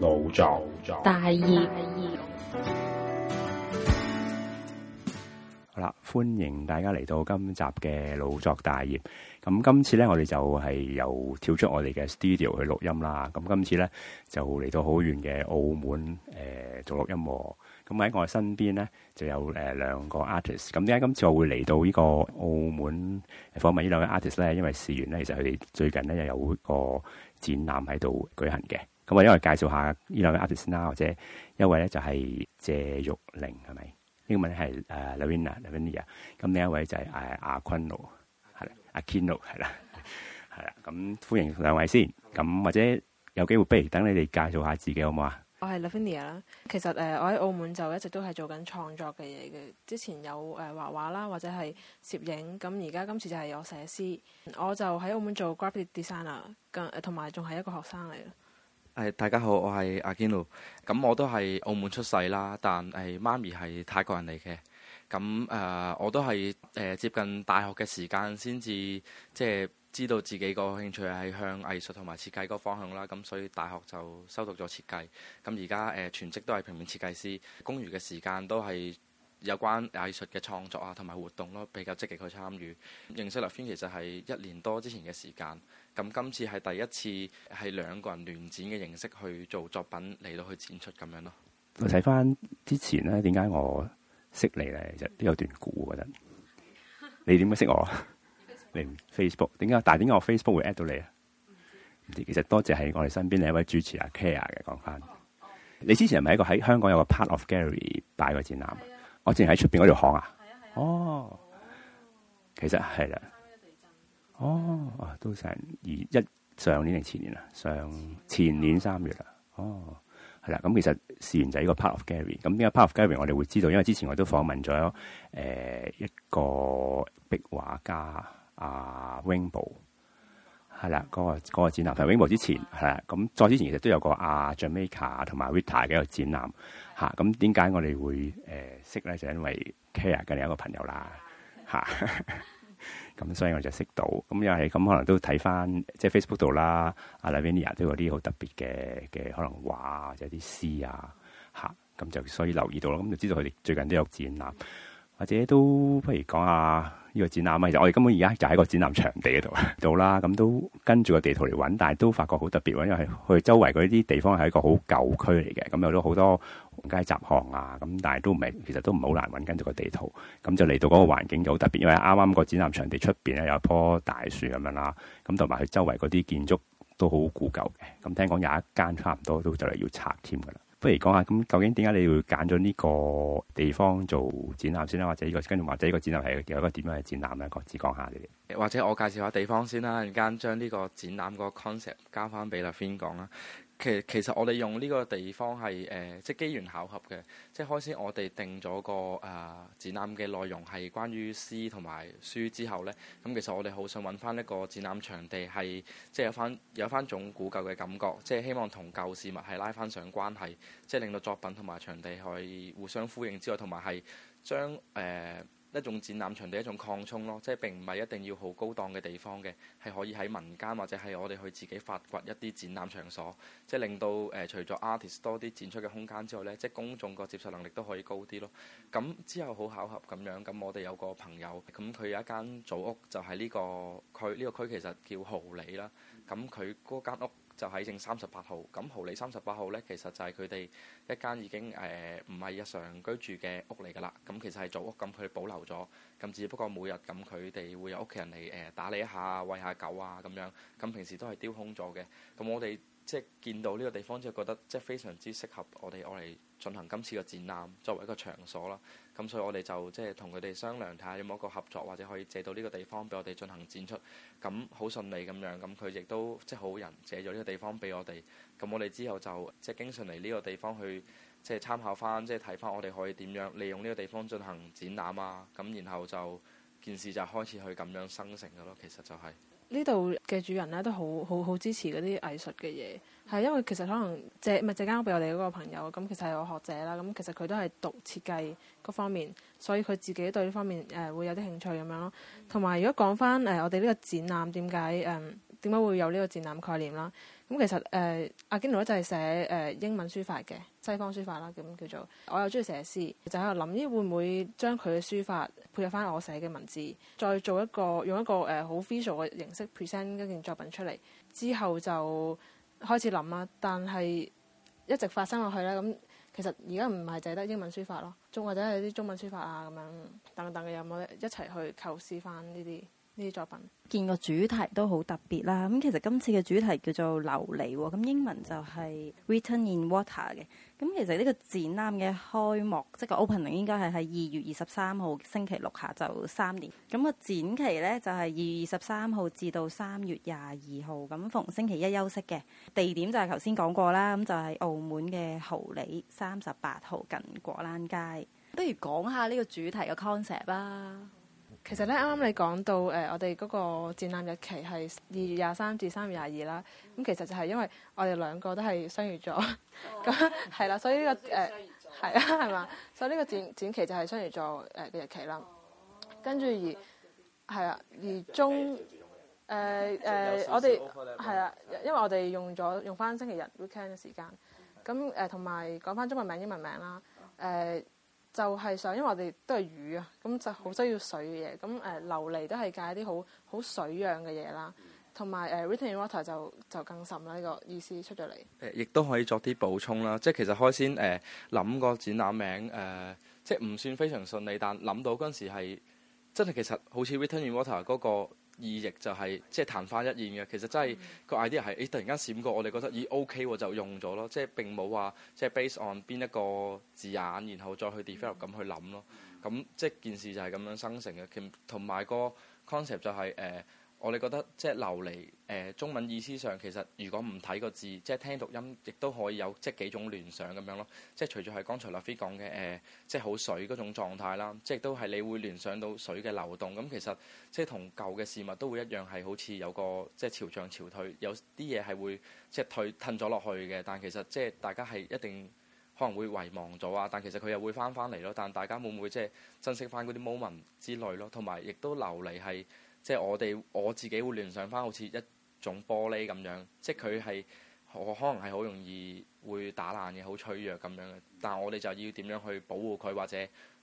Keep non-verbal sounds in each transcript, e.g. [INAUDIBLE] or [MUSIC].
腦作大業，大業好啦，歡迎大家嚟到今集嘅腦作大業。咁今次咧，我哋就係由跳出我哋嘅 studio 去錄音啦。咁今次咧就嚟到好遠嘅澳門誒、呃、做錄音喎。咁喺我身邊咧就有誒兩、呃、個 artist。咁點解今次我會嚟到呢個澳門訪問兩個呢兩位 artist 咧？因為事源咧，其實佢哋最近咧又有一個展覽喺度舉行嘅。咁啊，一為介紹下呢兩位 artist 啦，或者一位咧就係謝玉玲，係咪英文咧係 Lavinia，Lavinia。咁呢一位就係阿 Quino，係阿 Kino，係啦，係、嗯、啦。咁歡迎兩位先。咁或者有機會，不如等你哋介紹下自己好冇啊？我係 Lavinia 啦。其實誒，我喺澳門就一直都係做緊創作嘅嘢嘅。之前有誒畫畫啦，或者係攝影。咁而家今次就係有寫詩。我就喺澳門做 graphic designer，同埋仲係一個學生嚟嘅。誒，大家好，我係阿堅盧，咁我都係澳門出世啦，但係媽咪係泰國人嚟嘅。咁誒、呃、我都係誒、呃、接近大學嘅時間先至即係知道自己個興趣係向藝術同埋設計個方向啦，咁所以大學就修讀咗設計，咁而家誒全職都係平面設計師，公餘嘅時間都係有關藝術嘅創作啊同埋活動咯，比較積極去參與。認識立軒其實係一年多之前嘅時間。咁今次係第一次係兩個人聯展嘅形式去做作品嚟到去展出咁樣咯。我睇翻之前咧，點解我識你咧？其實都有段故，覺得你點解識我？ [LAUGHS] 你 Facebook 點解？但係點解我 Facebook 會 at 到你啊？其實多謝係我哋身邊另一位主持阿 Kaya 嘅講翻。講，哦哦、你之前係咪一個喺香港有個 part of Gary 擺個展覽？嗯、我之前喺出邊嗰度行啊？嗯嗯、哦，其實係啦。嗯哦，啊，都成二一上年定前年啊？上前年三月啦，哦，係啦。咁、嗯、其實事緣就係呢個 part of Gary。咁呢個 part of Gary 我哋會知道，因為之前我都訪問咗誒、呃、一個壁畫家阿 Wingbo，係啦，嗰、啊、個展覽。但係 Wingbo 之前係啦，咁、嗯、再之前其實都有個阿、啊、Jamaica 同埋 Rita 嘅一個展覽。吓、嗯，咁點解我哋會誒、呃、識咧？就因為 Gary 嘅另一個朋友啦。吓、啊。哈哈嗯 [LAUGHS] 咁、嗯、所以我就識到咁又係咁，可能都睇翻即係 Facebook 度啦。阿 Lavinia 都有啲好特別嘅嘅可能畫，或者啲詩啊嚇咁、嗯、就所以留意到咯。咁、嗯、就知道佢哋最近都有展覽，或者都不如講下呢個展覽啊。其實我哋根本而家就喺個展覽場地嗰度啦。咁、 [LAUGHS] 嗯、都跟住個地圖嚟揾，但係都發覺好特別喎，因為佢周圍嗰啲地方係一個好舊區嚟嘅，咁、嗯、有咗好多。橫街雜巷啊，咁但係都唔係，其實都唔好難揾緊住個地圖。咁、嗯、就嚟到嗰個環境就好特別，因為啱啱個展覽場地出邊咧有一棵大樹咁樣啦。咁同埋佢周圍嗰啲建築都好古舊嘅。咁、嗯、聽講有一間差唔多都就嚟要拆添噶啦。不如講下咁，究竟點解你要揀咗呢個地方做展覽先啦？或者呢、呢個跟住或者呢個展覽係有一個點樣嘅展覽啊？各自講下你哋。或者我介紹下地方先啦，陣間將呢個展覽個 concept 交翻俾阿 Fin 講啦。其實我哋用呢個地方係誒、呃，即係機緣巧合嘅。即係開始我，我哋定咗個誒展覽嘅內容係關於詩同埋書之後呢。咁、嗯、其實我哋好想揾翻一個展覽場地係，即係有翻有翻種古舊嘅感覺，即係希望同舊事物係拉翻上關係，即係令到作品同埋場地可以互相呼應之外，同埋係將誒。呃一種展覽場地，一種擴充咯，即係並唔係一定要好高檔嘅地方嘅，係可以喺民間或者係我哋去自己發掘一啲展覽場所，即係令到誒除咗 artist 多啲展出嘅空間之外咧，即係公眾個接受能力都可以高啲咯。咁之後好巧合咁樣，咁我哋有個朋友，咁佢有一間祖屋就喺呢個區，呢個區其實叫豪里啦。咁佢嗰間屋。就喺正三十八號咁，豪利三十八號呢，其實就係佢哋一間已經誒唔係日常居住嘅屋嚟㗎啦。咁、嗯、其實係祖屋咁，佢保留咗咁、嗯，只不過每日咁佢哋會有屋企人嚟誒、呃、打理一下、餵下狗啊咁樣。咁、嗯、平時都係丟空咗嘅。咁、嗯、我哋。即係見到呢個地方，即係覺得即係非常之適合我哋，我嚟進行今次嘅展覽作為一個場所啦。咁所以我哋就即係同佢哋商量睇下有冇一個合作，或者可以借到呢個地方俾我哋進行展出。咁好順利咁樣，咁佢亦都即係、即係、好人借咗呢個地方俾我哋。咁我哋之後就即係經常嚟呢個地方去，即係參考翻，即係睇翻我哋可以點樣利用呢個地方進行展覽啊。咁然後就件事就開始去咁樣生成嘅咯。其實就係、係。呢度嘅主人咧都好好好支持嗰啲藝術嘅嘢，係、嗯、因為其實可能借唔係借間屋俾我哋嗰個朋友，咁其實係我學者啦，咁其實佢都係讀設計嗰方面，所以佢自己對呢方面誒、呃、會有啲興趣咁樣咯。同埋、嗯、如果講翻誒我哋呢個展覽，點解誒點解會有呢個展覽概念啦？咁、嗯、其實誒、呃、阿堅奴就係寫誒、呃、英文書法嘅西方書法啦，咁叫做。我又中意寫詩，就喺度諗，依會唔會將佢嘅書法配合翻我寫嘅文字，再做一個用一個誒好、呃、visual 嘅形式 present 一件作品出嚟。之後就開始諗啦，但係一直發生落去咧。咁其實而家唔係淨係得英文書法咯，仲或者係啲中文書法啊咁樣等等嘅，有冇一齊去構思翻呢啲？呢啲作品，見個主題都好特別啦。咁其實今次嘅主題叫做流灕喎，咁英文就係、是、Written in Water 嘅。咁其實呢個展覽嘅開幕，嗯、即個 opening 應該係喺二月二十三號星期六下晝三點。咁、那個展期呢就係二月二十三號至到三月廿二號，咁逢星期一休息嘅。地點就係頭先講過啦，咁就係澳門嘅豪里三十八號近果欄街。不如講下呢個主題嘅 concept 啦。其實咧，啱啱你講到誒、呃，我哋嗰個展覽日期係二月廿三至三月廿二啦。咁其實就係因為我哋兩個都係雙魚座，咁係啦，所以呢個誒係啊，係嘛、呃。所以呢個展展期就係雙魚座誒嘅日期啦。跟住而係啊、oh.，而中誒誒，我哋係啊，因為我哋用咗用翻星期日 weekend 嘅時間。咁誒、right. 嗯，同埋講翻中文名、英文名啦。誒。就係想，因為我哋都係魚啊，咁就好需要水嘅嘢，咁誒、呃、流灕都係介啲好好水樣嘅嘢啦，同埋誒、呃、Written in Water 就就更甚啦，呢、這個意思出咗嚟。誒、呃，亦都可以作啲補充啦，即係其實開先誒諗個展覽名誒、呃，即係唔算非常順利，但諗到嗰陣時係真係其實好似 Written in Water 嗰、那個。意譯就係、是、即係曇花一現嘅，其實真係、mm hmm. 個 idea 係誒，突然間閃過，我哋覺得咦 OK 喎，就用咗咯，即係並冇話即係 base on 邊一個字眼，然後再去 develop 咁去諗咯。咁即係件事就係咁樣生成嘅。同埋個 concept 就係、是、誒。呃我哋覺得即係流灕，誒、呃、中文意思上其實如果唔睇個字，即係聽讀音，亦都可以有即係幾種聯想咁樣咯。即係除咗係剛才律菲講嘅誒，即係好水嗰種狀態啦，即係都係你會聯想到水嘅流動。咁、嗯、其實即係同舊嘅事物都會一樣，係好似有個即係潮漲潮退，有啲嘢係會即係退褪咗落去嘅。但其實即係大家係一定可能會遺忘咗啊，但其實佢又會翻翻嚟咯。但大家會唔會即係珍惜翻嗰啲 moment 之類咯？同埋亦都流灕係。即係我哋我自己會聯想翻，好似一種玻璃咁樣，即係佢係我可能係好容易會打爛嘅，好脆弱咁樣嘅。但係我哋就要點樣去保護佢，或者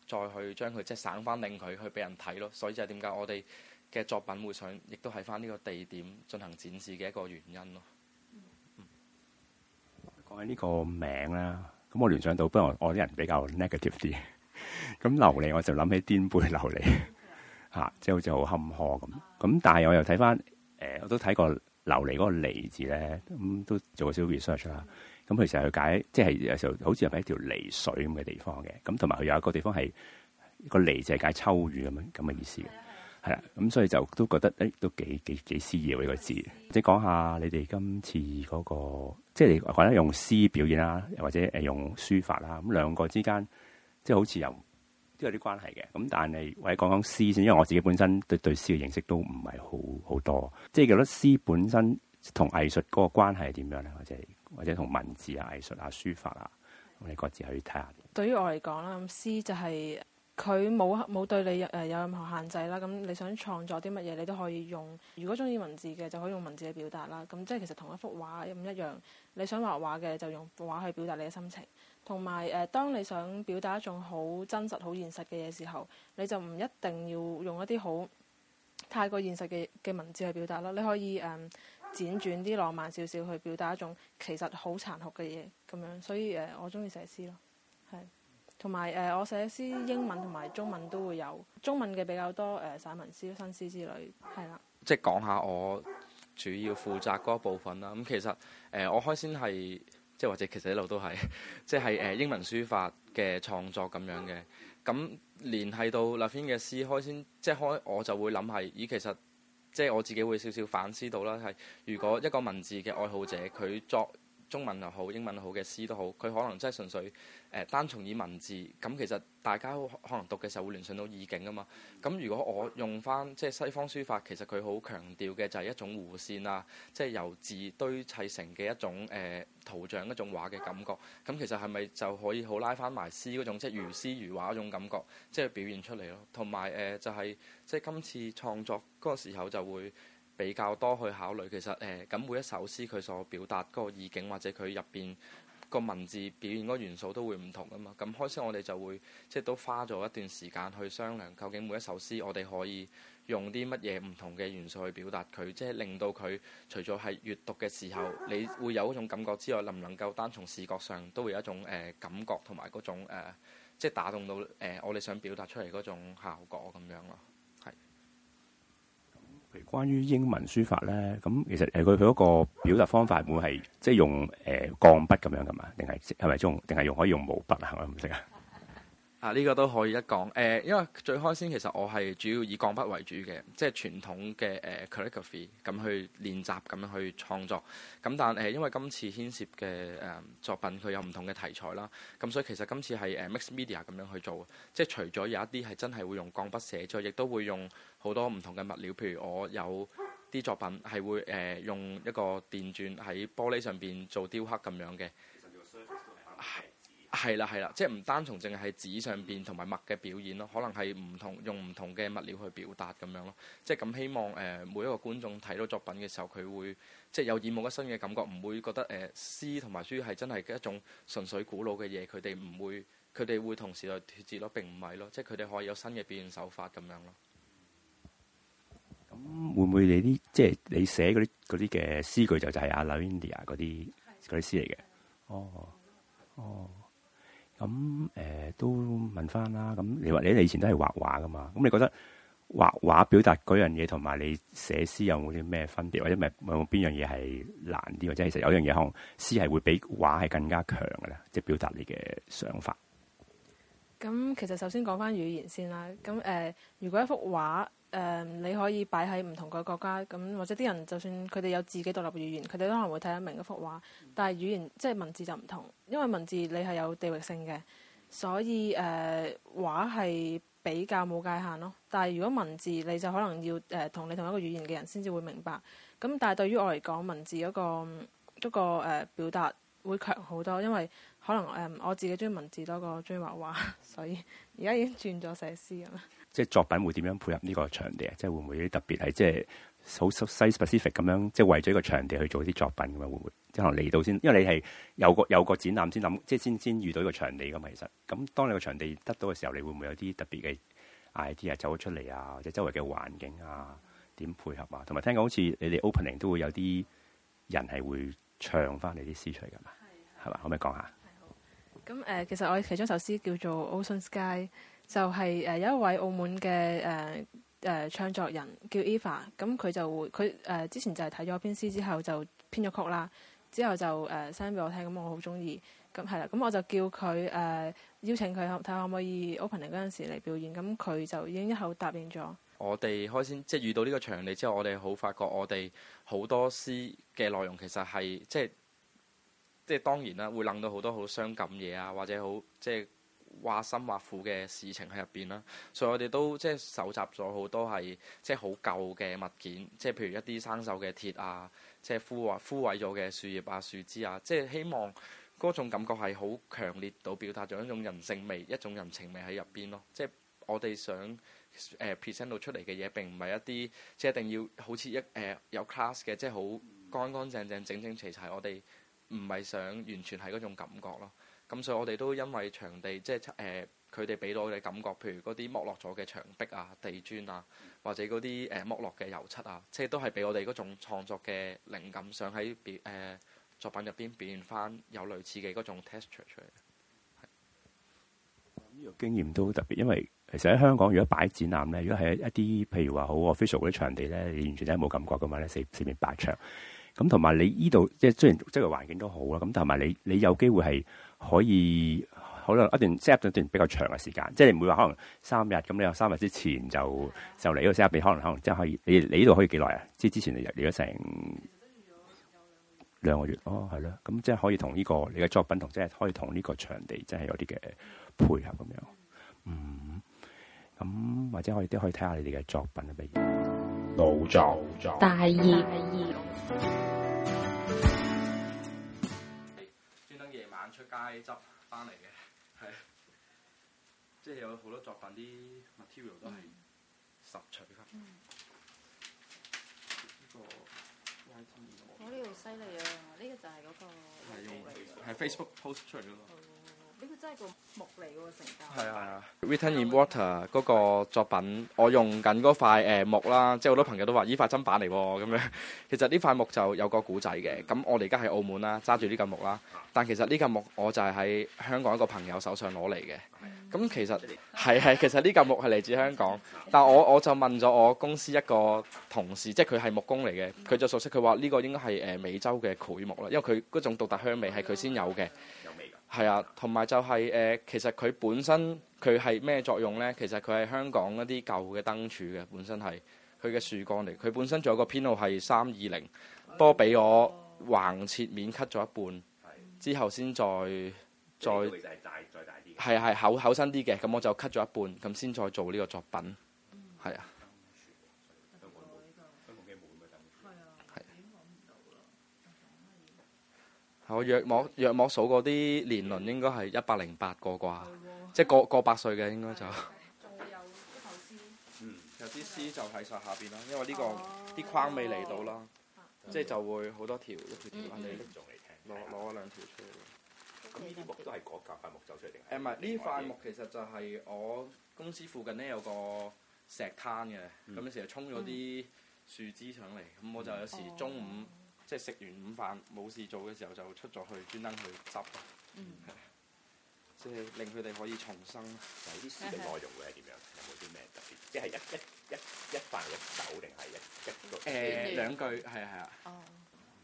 再去將佢即係省翻令佢去俾人睇咯。所以就係點解我哋嘅作品會想，亦都係翻呢個地點進行展示嘅一個原因咯。講起呢個名啦，咁我聯想到，不過我啲人比較 negative 啲，咁流灕，我就諗起顛沛流離。 [LAUGHS] 嚇、啊，即係好似好坎坷咁。咁但係我又睇翻，誒、呃，我都睇過流灕嗰個灕字咧，咁、嗯、都做過少 research 啦。咁佢成日去解，即係有時候好似係一條灕水咁嘅地方嘅。咁同埋佢有一個地方係、這個灕就係解秋雨咁樣咁嘅意思嘅。係啦，咁所以就都覺得，誒、欸，都幾幾幾詩意嘅一個字。即係講下你哋今次嗰個，即係覺得用詩表演啦，又或者誒用書法啦，咁兩個，兩個之間，即係好似又。都有啲關係嘅，咁但係或者講講詩先，因為我自己本身對對詩嘅認識都唔係好好多，即係覺得詩本身同藝術嗰個關係係點樣咧，或者或者同文字啊、藝術啊、書法啊，我哋各自去睇下。對於我嚟講啦，咁詩就係佢冇冇對你誒有任何限制啦。咁你想創作啲乜嘢，你都可以用。如果中意文字嘅，就可以用文字去表達啦。咁即係其實同一幅畫唔一樣。你想畫畫嘅，就用畫去表達你嘅心情。同埋誒，當你想表達一種好真實、好現實嘅嘢時候，你就唔一定要用一啲好太過現實嘅嘅文字去表達啦。你可以誒、um, 輾轉啲浪漫少少去表達一種其實好殘酷嘅嘢咁樣。所以誒，uh, 我中意寫詩咯，係。同埋誒，uh, 我寫詩英文同埋中文都會有，中文嘅比較多誒，uh, 散文詩、新詩之類，係啦。即係講下我主要負責嗰部分啦。咁其實誒，uh, 我開先係。即係或者其實一路都係，即係誒英文書法嘅創作咁樣嘅，咁聯繫到立 a 嘅詩開先，即係開我就會諗係，咦其實即係我自己會少少反思到啦，係如果一個文字嘅愛好者佢作。中文又好，英文好嘅詩都好，佢可能真係純粹誒、呃、單從以文字咁，其實大家可能讀嘅時候會聯想到意境啊嘛。咁如果我用翻即係西方書法，其實佢好強調嘅就係一種弧線啊，即係由字堆砌成嘅一種誒、呃、圖像一種畫嘅感覺。咁其實係咪就可以好拉翻埋詩嗰種即係如詩如畫嗰種感覺，即係表現出嚟咯？同埋誒就係、是、即係今次創作嗰個時候就會。比較多去考慮，其實誒咁、呃、每一首詩佢所表達嗰個意境，或者佢入邊個文字表現嗰個元素都會唔同噶嘛。咁開始我哋就會即係都花咗一段時間去商量，究竟每一首詩我哋可以用啲乜嘢唔同嘅元素去表達佢，即係令到佢除咗係閲讀嘅時候，你會有嗰種感覺之外，能唔能夠單從視覺上都會有一種誒、呃、感覺同埋嗰種、呃、即係打動到誒、呃、我哋想表達出嚟嗰種效果咁樣咯。關於英文書法咧，咁其實係佢佢嗰個表達方法會係即係用誒、呃、鋼筆咁樣，噶嘛，定係係咪用，定係用可以用毛筆？啊？係咪唔識啊。啊，呢、這個都可以一講。誒、呃，因為最開先其實我係主要以鋼筆為主嘅，即係傳統嘅誒 calligraphy 咁去練習，咁樣去創作。咁但誒、呃，因為今次牽涉嘅誒、呃、作品佢有唔同嘅題材啦，咁、啊、所以其實今次係誒 mixed media 咁樣去做，即係除咗有一啲係真係會用鋼筆寫再亦都會用好多唔同嘅物料。譬如我有啲作品係會誒、呃、用一個電鑽喺玻璃上邊做雕刻咁樣嘅。啊。係啦，係啦，即係唔單從淨係紙上邊同埋墨嘅表演咯，可能係唔同用唔同嘅物料去表達咁樣咯。即係咁希望誒、呃、每一個觀眾睇到作品嘅時候，佢會即係有耳目一新嘅感覺，唔會覺得誒詩同埋書係真係一種純粹古老嘅嘢，佢哋唔會佢哋會同時代脫節咯，並唔係咯，即係佢哋可以有新嘅表現手法咁樣咯。咁會唔會你啲即係你寫嗰啲啲嘅詩句就就係阿 Louinda 嗰啲啲詩嚟嘅？哦，哦。咁誒、嗯呃、都問翻啦。咁、嗯、你話你咧以前都係畫畫㗎嘛？咁、嗯、你覺得畫畫表達嗰樣嘢同埋你寫詩有冇啲咩分別，或者咪有冇邊樣嘢係難啲，或者其實有樣嘢可能詩係會比畫係更加強嘅咧，即係表達你嘅想法。咁其實首先講翻語言先啦。咁誒、呃，如果一幅畫。誒，uh, 你可以擺喺唔同個國家，咁或者啲人就算佢哋有自己獨立嘅語言，佢哋都可能會睇得明一幅畫。但係語言即係文字就唔同，因為文字你係有地域性嘅，所以誒畫係比較冇界限咯。但係如果文字你就可能要誒同、uh, 你同一個語言嘅人先至會明白。咁但係對於我嚟講，文字嗰個嗰個 uh, 表達會強好多，因為可能誒、uh, 我自己中意文字多過中意畫畫，所以而家已經轉咗寫詩咁。即係作品會點樣配合呢個場地啊？即係會唔會特別係即係 so specific 咁樣，即係為咗一個場地去做啲作品㗎？會唔會即可能嚟到先？因為你係有個有個展覽先諗，即係先先遇到呢個場地㗎嘛。其實，咁當你個場地得到嘅時候，你會唔會有啲特別嘅 idea 走咗出嚟啊？或者周圍嘅環境啊，點配合啊？同埋聽講好似你哋 opening 都會有啲人係會唱翻你啲詩出嚟㗎嘛？係嘛？可唔可以講下？係好。咁誒、呃，其實我其中一首詩叫做 Ocean Sky。就係誒有一位澳門嘅誒誒唱作人叫 Eva，咁佢就會佢誒之前就係睇咗篇詩之後就編咗曲啦，之後就誒 send 俾我聽，咁我好中意，咁係啦，咁我就叫佢誒、呃、邀請佢睇下可唔可以 opening 嗰陣時嚟表演，咁佢就已經一口答應咗。我哋開先即係遇到呢個場地之後，我哋好發覺我哋好多詩嘅內容其實係即係即係當然啦，會諗到好多好傷感嘢啊，或者好即係。挖心挖苦嘅事情喺入邊啦，所以我哋都即係搜集咗好多係即係好舊嘅物件，即係譬如一啲生鏽嘅鐵啊，即係枯或枯萎咗嘅樹葉啊、樹枝啊，即係希望嗰種感覺係好強烈到表達咗一種人性味、一種人情味喺入邊咯。即係我哋想誒 present 到出嚟嘅嘢並唔係一啲即係一定要好似一誒、呃、有 class 嘅，即係好乾乾淨淨、整整齊齊。我哋唔係想完全係嗰種感覺咯。咁所以我哋都因為場地，即係誒佢哋俾到我哋感覺，譬如嗰啲剝落咗嘅牆壁啊、地磚啊，或者嗰啲誒剝落嘅油漆啊，即係都係俾我哋嗰種創作嘅靈感，想喺誒、呃、作品入邊表現翻有類似嘅嗰種 texture 出嚟。係。呢個經驗都好特別，因為其實喺香港如果擺展覽咧，如果係一啲譬如話好 official 嗰啲場地咧，你完全都係冇感覺嘅嘛，咧四四面白牆。咁同埋你呢度，即係雖然即個環境都好啦，咁同埋你你有機會係可以可能一段 set 一段比較長嘅時間，即係你唔會話可能三日，咁你有三日之前就就嚟呢個 set up，可能可能即係可以，你你呢度可以幾耐啊？即係之前嚟嚟咗成兩個月咯，係、哦、咯，咁、嗯、即係可以同呢個你嘅作品同即係可以同呢個場地真係有啲嘅配合咁樣，嗯，咁或者可以都可以睇下你哋嘅作品係乜嘢。老就老大二大專登夜晚出街執翻嚟嘅，係，即係有好多作品啲 material 都係拾取。嗯呢個，我呢度犀利啊！呢，呢個就係嗰，嗰個，係對用係的的 Facebook post 出嚟咯。嗯咁佢真係個木嚟嘅喎，成家。係啊 Written in Water 嗰個作品，啊、我用緊嗰塊誒木啦，即係好多朋友都話依塊砧板嚟喎，咁樣。其實呢塊木就有個古仔嘅，咁我哋而家喺澳門啦，揸住呢根木啦。但其實呢根木我就係喺香港一個朋友手上攞嚟嘅。咁、啊、其實係係、啊，其實呢根木係嚟自香港。但我我就問咗我公司一個同事，即係佢係木工嚟嘅，佢就熟悉。佢話呢個應該係誒美洲嘅檜木啦，因為佢嗰種獨特香味係佢先有嘅。係啊，同埋就係、是、誒、呃，其實佢本身佢係咩作用咧？其實佢係香港一啲舊嘅燈柱嘅，本身係佢嘅樹幹嚟。佢本身仲有個編號係三二零，不過俾我橫切面 cut 咗一半，嗯、之後先再再大再大啲係係厚厚身啲嘅，咁我就 cut 咗一半，咁先再做呢個作品。係、嗯、啊。我約摸約摸數嗰啲年輪應該係一百零八個啩，即係過過百歲嘅應該就。仲有啲頭枝，嗯，有啲枝就喺晒下邊啦，因為呢個啲框未嚟到啦，即係就會好多條一條條揾嚟攞攞兩條出嚟。咁呢啲木都係嗰塊木走出嚟定係？誒，唔係呢塊木其實就係我公司附近咧有個石灘嘅，咁你成日沖咗啲樹枝上嚟，咁我就有時中午。即係食完午飯冇事做嘅時候，就出咗去專登去執，即係令佢哋可以重生。嗱，啲詩嘅內容會係點樣？有冇啲咩特別？即係一、一、一、一凡六首，定係一、一個？誒，兩句係啊係啊。哦，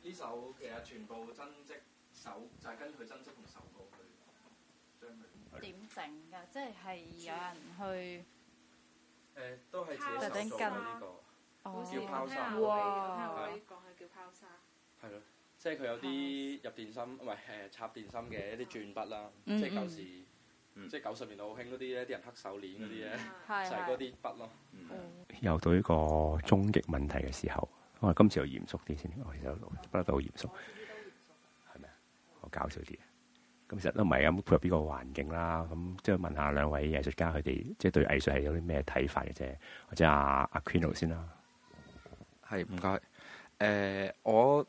呢首其實全部增積手就係跟佢增積同手稿去將佢點整㗎？即係係有人去誒，都係寫手稿呢個，叫拋沙。哇，係可以講係叫拋沙。係咯，嗯、即係佢有啲入電芯，唔係插電芯嘅一啲轉筆啦，即係舊時，嗯、即係九十年代好興嗰啲咧，啲人黑手鏈嗰啲咧，就係嗰啲筆咯。又、嗯、到呢個終極問題嘅時候，我今次又嚴肅啲先，我其實覺得都好嚴肅，係咪啊？好嗎搞笑啲嘅，咁其實都唔係咁配合呢個環境啦。咁即係問下兩位藝術家佢哋，即、就、係、是、對藝術係有啲咩睇法嘅啫，或者阿阿 Quino 先啦。係唔該，誒、呃、我。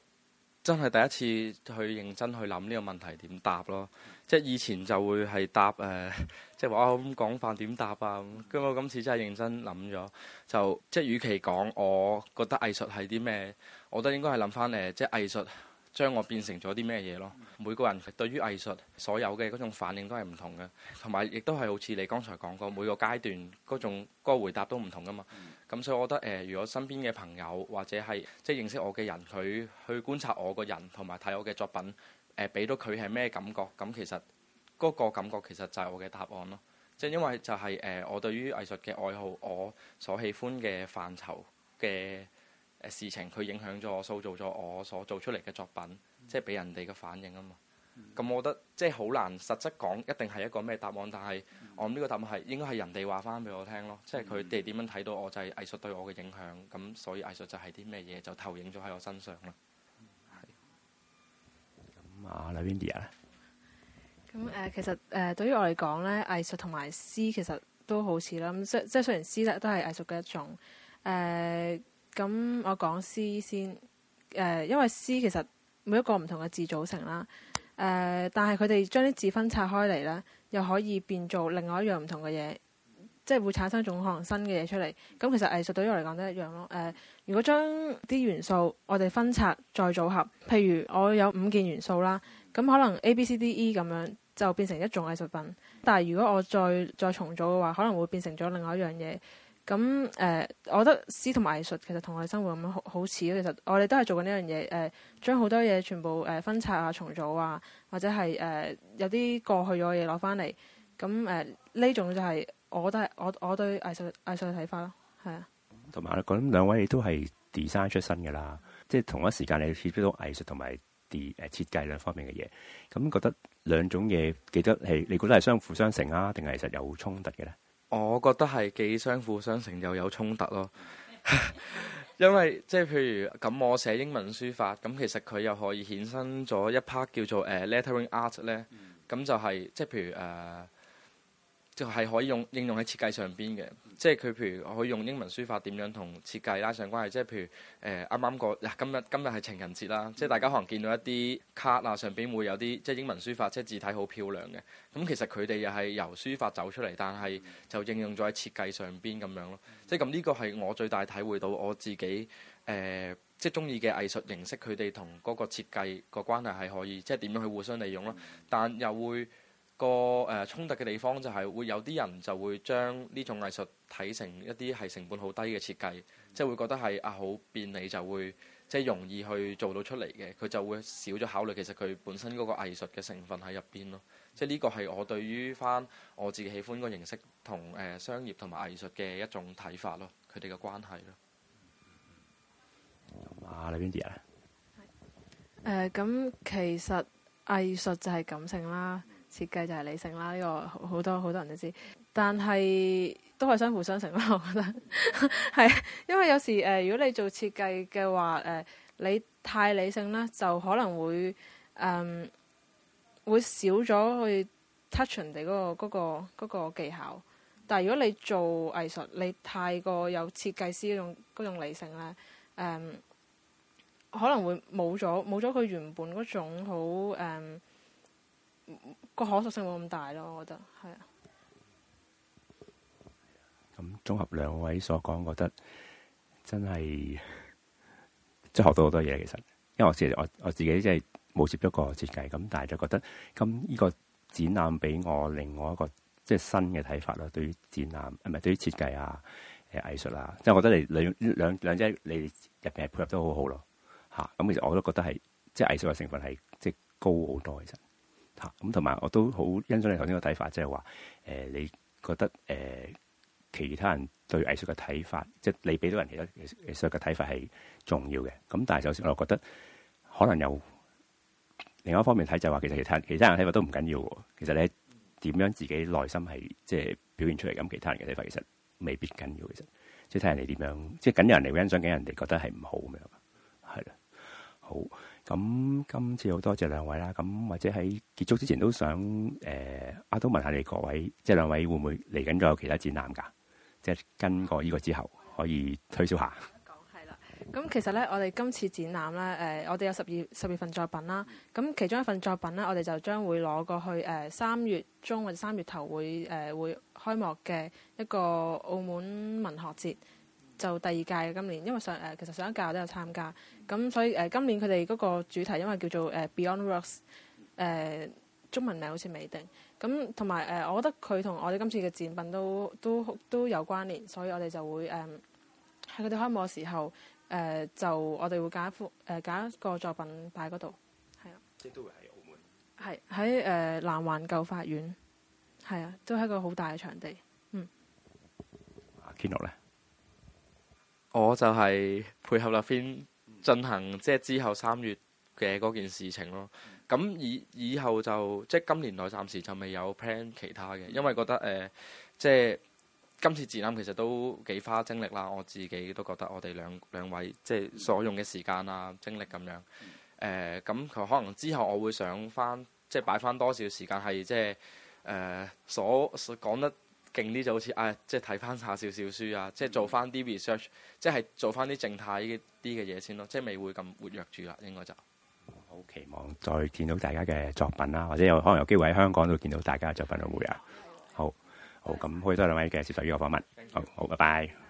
真係第一次去認真去諗呢個問題點答咯，即係以前就會係答誒、呃，即係話啊咁講法點答啊咁。咁我今次真係認真諗咗，就即係與其講我覺得藝術係啲咩，我覺得應該係諗翻誒，即係藝術，將我變成咗啲咩嘢咯？每個人對於藝術所有嘅嗰種反應都係唔同嘅，同埋亦都係好似你剛才講過，每個階段嗰種個回答都唔同噶嘛。咁所以我覺得誒，如果身邊嘅朋友或者係即係認識我嘅人，佢去觀察我個人同埋睇我嘅作品，誒俾到佢係咩感覺？咁其實嗰個感覺其實就係我嘅答案咯。即係因為就係誒，我對於藝術嘅愛好，我所喜歡嘅範疇嘅。誒事情佢影響咗我，塑造咗我所做出嚟嘅作品，即係俾人哋嘅反應啊嘛。咁我覺得即係好難實質講，一定係一個咩答案。但係我諗呢個答案係應該係人哋話翻俾我聽咯，即係佢哋點樣睇到我就係藝術對我嘅影響。咁所以藝術就係啲咩嘢就投影咗喺我身上啦。咁啊，Linda 咧，咁誒，其實誒對於我嚟講咧，藝術同埋詩其實都好似啦。咁即即雖然詩咧都係藝術嘅一種誒。咁我講 C 先，誒，因為 C 其實每一個唔同嘅字組成啦，誒、呃，但係佢哋將啲字分拆開嚟咧，又可以變做另外一樣唔同嘅嘢，即係會產生一種可能新嘅嘢出嚟。咁其實藝術對於我嚟講都一樣咯，誒、呃，如果將啲元素我哋分拆再組合，譬如我有五件元素啦，咁可能 A、B、C、D、E 咁樣就變成一種藝術品，但係如果我再再重組嘅話，可能會變成咗另外一樣嘢。咁誒、呃，我覺得詩同埋藝術其實同我哋生活咁樣好好似，其實我哋都係做緊呢樣嘢誒，將、呃、好多嘢全部誒、呃、分拆啊、重組啊，或者係誒、呃、有啲過去咗嘅嘢攞翻嚟。咁誒呢種就係我覺得係我我，我對藝術藝術嘅睇法咯，係啊。同埋我覺得兩位都係 design 出身㗎啦，即係同一時間你接觸到藝術同埋誒設計兩方面嘅嘢。咁覺得兩種嘢，記得係你覺得係相輔相成啊，定係其實有衝突嘅咧？我覺得係既相輔相成又有衝突咯， [LAUGHS] 因為即係譬如咁，我寫英文書法，咁其實佢又可以衍生咗一 part 叫做誒、uh, lettering art 咧，咁、嗯、就係、是、即係譬如誒。Uh, 就係可以用應用喺設計上邊嘅，即係佢譬如可以用英文書法點樣同設計拉上關係，即係譬如誒啱啱講嗱，今日今日係情人節啦，嗯、即係大家可能見到一啲卡啊上邊會有啲即係英文書法，即係字體好漂亮嘅。咁其實佢哋又係由書法走出嚟，但係就應用咗喺設計上邊咁樣咯。即係咁呢個係我最大體會到我自己誒、呃、即係中意嘅藝術形式，佢哋同嗰個設計個關係係可以即係點樣去互相利用咯，但又會。個誒、呃、衝突嘅地方就係會有啲人就會將呢種藝術睇成一啲係成本好低嘅設計，即、就、係、是、會覺得係啊好便利就會即係、就是、容易去做到出嚟嘅。佢就會少咗考慮其實佢本身嗰個藝術嘅成分喺入邊咯。即係呢個係我對於翻我自己喜歡個形式同誒、呃、商業同埋藝術嘅一種睇法咯。佢哋嘅關係咯。阿你邊啲啊？誒、咁，其實藝術就係感性啦。設計就係理性啦，呢、這個好多好多人都知，但係都係相輔相成啦。我覺得係， [LAUGHS] 因為有時誒、呃，如果你做設計嘅話，誒、呃、你太理性咧，就可能會誒、嗯、會少咗去 touch 你哋嗰個嗰個嗰個技巧。但係如果你做藝術，你太過有設計師嗰種嗰種理性呢，誒、嗯、可能會冇咗冇咗佢原本嗰種好誒。嗯個可塑性冇咁大咯，我覺得係啊。咁綜合兩位所講，覺得真係即係學到好多嘢。其實，因為我其實我我自己即係冇接觸過設計咁，但係就覺得咁呢個展覽俾我另外一個即係、就是、新嘅睇法咯。對於展覽唔係對於設計啊，誒藝術啊，即、就、係、是、我覺得你兩兩隻你入邊配合得好好咯吓。咁、嗯、其實我都覺得係即係藝術嘅成分係即係高好多，其實。咁同埋，嗯、我都好欣賞你頭先個睇法，即係話誒，你覺得誒、呃、其他人對藝術嘅睇法，即係你俾到人其他藝術嘅睇法係重要嘅。咁但係首先我覺得可能有另外一方面睇就係話，其實其他其他人睇法都唔緊要。其實咧點樣自己內心係即係表現出嚟咁，其他人嘅睇法其實未必緊要。其實即係睇人哋點樣，即係緊要人嚟，會欣賞，緊人哋覺得係唔好咁樣，係啦。好，咁今次好多謝兩位啦。咁或者喺結束之前都想誒阿、呃、都問下你各位，即係兩位會唔會嚟緊都有其他展覽㗎？即係跟過依個之後可以推銷下。講係啦。咁、嗯 [LAUGHS] 嗯、其實咧，我哋今次展覽咧，誒我哋有十二、十二份作品啦。咁其中一份作品咧，我哋就將會攞過去誒、呃、三月中或者三月頭會誒、呃、會開幕嘅一個澳門文學節。就第二屆嘅今年，因為上誒其實上一屆我都有參加，咁、嗯、所以誒、呃、今年佢哋嗰個主題因為叫做誒、呃、Beyond Works，誒、呃、中文名好似未定，咁同埋誒我覺得佢同我哋今次嘅展品都都都，都有關聯，所以我哋就會誒喺佢哋開幕嘅時候誒、呃、就我哋會揀一幅誒揀一個作品擺嗰度，係啊，即係都會喺澳門，係，喺誒、呃、南環舊法院，係啊，都係一個好大嘅場地，嗯，阿 Kenlock 咧。我就係配合立邊進行，即係之後三月嘅嗰件事情咯。咁以以後就即係、就是、今年內暫時就未有 plan 其他嘅，因為覺得誒，即、呃、係、就是、今次展覽其實都幾花精力啦。我自己都覺得我哋兩兩位即係、就是、所用嘅時間啊、精力咁樣誒，咁、呃、佢可能之後我會想翻，即、就、係、是、擺翻多少時間係即係誒所所講得。勁啲就好似誒、哎，即係睇翻下少少書啊，即係做翻啲 research，即係做翻啲靜態啲嘅嘢先咯，即係未會咁活躍住啦，應該就。好期望再見到大家嘅作品啦，或者有可能有機會喺香港都見到大家嘅作品會啊。好，好咁，多謝兩位嘅接受呢個訪問。好，好，拜拜。